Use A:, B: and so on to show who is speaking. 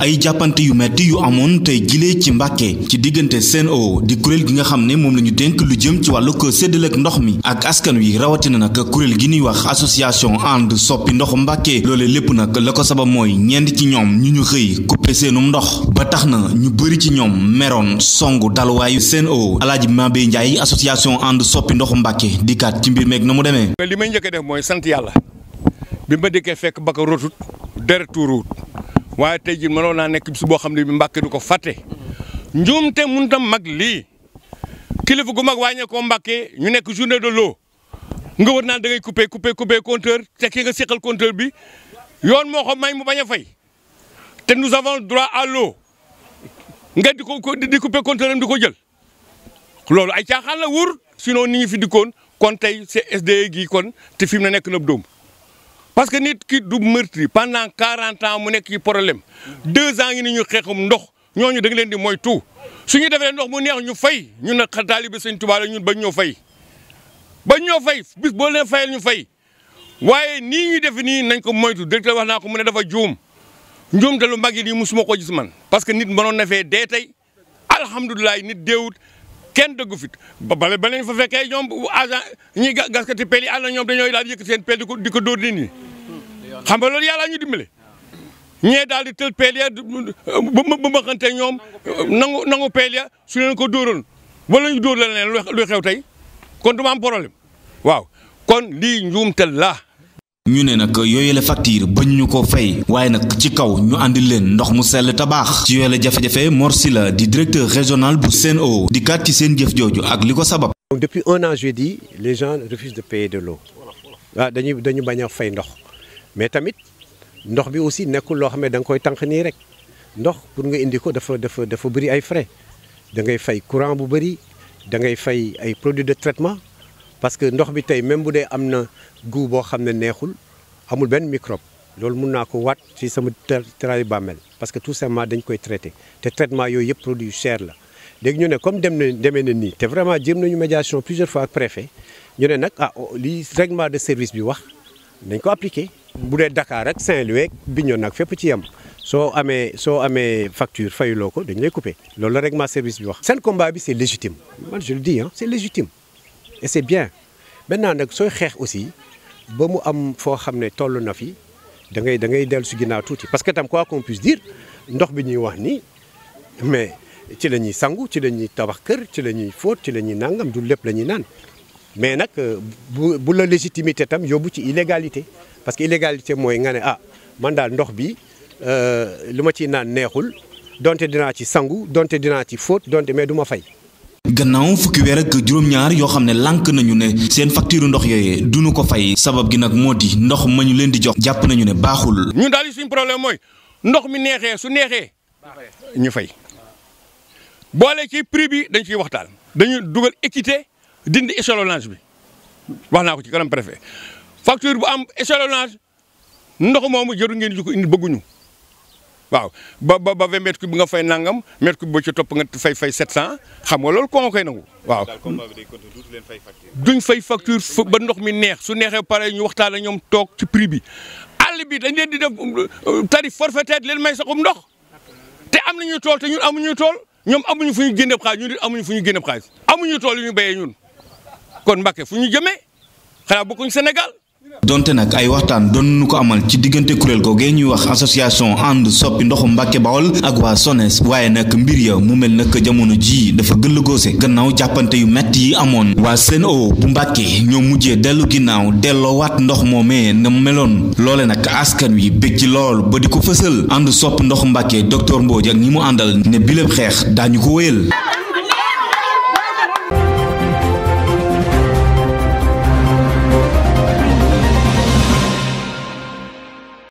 A: ay jàppante yu metti yu amoon tey jilee ci Mbàkke ci diggante seen Sen'Eau di kuréel gi nga xam ne moom la ñu dénk lu jëm ci wàllu ko séddale ndox mi ak askan wi rawatina nag kuréel gi nuy wax association ànd soppi ndoxu Mbàkke loole lépp nag la ko sabab mooy ñeent ci ñoom ñu ñu xëy coupé seenum ndox ba tax na ñu bëri ci ñoom meroon songu dalwaayu Sen'Eau ma Mabé Ndiaye association ànd soppi ndoxu Mbàkke dikkaat ci mbir meeg na mu demee.
B: li may njëkk a mooy sant yàlla waaye tey jii mënoon naa nekk bis boo xam ne bi Mbàkke du ko fàtte te mënut a mag lii kilifa gu mag wàññee ko Mbàkke ñu nekk journée de l'eau nga wër naan da ngay coupé coupé coupé compteur te ki nga seqal compteur bi yoon moo ko may mu bañ a fay te nous avons droit à l'eau nga di ko di coupé compteur am di ko jël loolu ay caaxaan la wóor sinon ni ñu fi dikkoon kon tey c'est SDE gii kon te fi mu nekk na dóom. parce que nit ki du meurtri pendant quarante ans mu nekk ci problème deux ans ngi ni ñu xeexum ndox ñoo ñu nga leen di moytu su ñu defee ndox mu neex ñu fay ñu ne taalibe Sëñ Tuubaa la ñun bañ ñoo fay. ba ñoo fay bis boo leen fayal ñu fay waaye nii ñu def nii nañ ko moytu directeur wax naa ko mu ne defa juum njuum te lu mag yi nii suma ko gis man parce que nit mënoon na fee dee tey alhamdulilah nit deewut. kenn dëggu fit ba bale ba lañ fa fekkee ñoom agent ñi gaskati peel yi ànd na ñoom dañooy daal yëkkati seen peel di ko di ko xam nga loolu yàlla ñu dimbale ñee daal di tël peel ya ba ba mbëqante ñoom nangu nangu peel ya su leen ko dóoroon wala ñu dóor la leen luy xew tey kon du am problème waaw kon lii njuumtal la
A: ñu ne nag yooyu la facture bañ ñu ko fay waaye nag ci kaw ñu àndi leen ndox mu sell te ci yooyu la jafe-jafe Mor la di directeur régional bu seen Sen'Eau di kat ci seen jëf jooju ak li ko
C: sabab. donc depuis un an jeudi les gens refusent de payer de l'eau waaw ah, dañuy dañu bañ a fay ndox. mais tamit ndox bi aussi nekkul loo xam ne da nga koy tànq nii rek ndox pour nga indi ko dafa dafa dafa bëri ay frais da ngay fay courant bu bëri da ngay fay ay produits de traitement parce que ndox bi tey même bu dee am na goût boo xam ne neexul amul benn microbe loolu mun naa ko waat ci sama tëraayu bàmmeel parce que tout simplement dañ koy traité te traitement yooyu yëpp produit cher la léegi ñu ne comme dem na demee na nii te vraiment jéem nañu médiation plusieurs fois ak préfet ñu ne nag ah oh, li règlement de service bi wax nañ ko appliqué bu dee dakaar ak saint bi Bignona nag fépp ci yem soo amee soo amee facture fayuloo ko dañ lay coupe loolu la règlement service bi wax. seen combat bi c'est légitime man je le dis ah c'est légitime et c'est bien maintenant nag sooy xeex aussi ba mu am foo xam ne toll na fi da ngay da ngay dellu si ginnaaw tuuti parce que tam quoi qu'on puisse dire ndox bi ñuy wax nii mais ci la ñuy sangu ci la ñuy tabax kër ci la ñuy fóot ci la ñuy nangam du lépp la ñuy naan mais nag euh, bu bu la légitimité tam yóbbu ci illégalité. parce que illégalité mooy nga ne ah man daal ndox bi euh, li ma ciy naan neexul donte dinaa ci sangu donte dinaa ci fóot donte mais du ma fay.
A: gannaaw fukki weer ak juróom-ñaar yoo xam ne lànk nañu ne seen facture ndox yooyu duñu ko fay sabab gi nag moo di ndox ma ñu leen di jox jàpp nañu ne baaxul.
B: ñu daal suñu problème mooy ndox mi neexee su neexee ñu fay boole ci prix bi dañu ciy waxtaan dañu dugal équité dindi échelonnage bi wax naa ko ci kanam préfet. facture bu am échelonnage ndox moomu jëru ngeen di ko indi bëgguñu waaw ba ba ba vingt mètre cube bi nga fay nangam mètre cube ba ci topp nga fay fay sept cent xam nga loolu koo nga koy nangu waaw. duñ fay facture ba ndox mi neex su neexee pare ñu waxtaan ak ñoom toog ci prix bi àll bi dañ leen di def tarif forfaitaire leen may saxum ndox te am nañu tool te ñun amuñu tool ñoom amuñu fu ñu génneeb xaalis ñun amuñu fu ñu génneeb xaalis amuñu tool yu ñu béyee ñun kon Mbacke fu ñu jëmee xanaa bokkuñ Sénégal.
A: donte nag ay waxtaan doon nu ko amal ci diggante kuréel googee ñuy wax association ànd soppi ndoxu Mbàkke Bawol ak waa SONES waaye nag mbir ya mu mel nag jamono ji dafa gëllëgoose gannaaw jàppante yu metti yi amoon waa SEN'EAU bu Mbàkke ñoo mujjee dellu ginnaaw delloowaat ndox moomee na meloon loole nag askan wi bég ci lool ba di ko fësal ànd soppi ndoxu Mbàkke docteur Mbodj ak ñi mu àndal ne biléb xeex daañu ko wéyal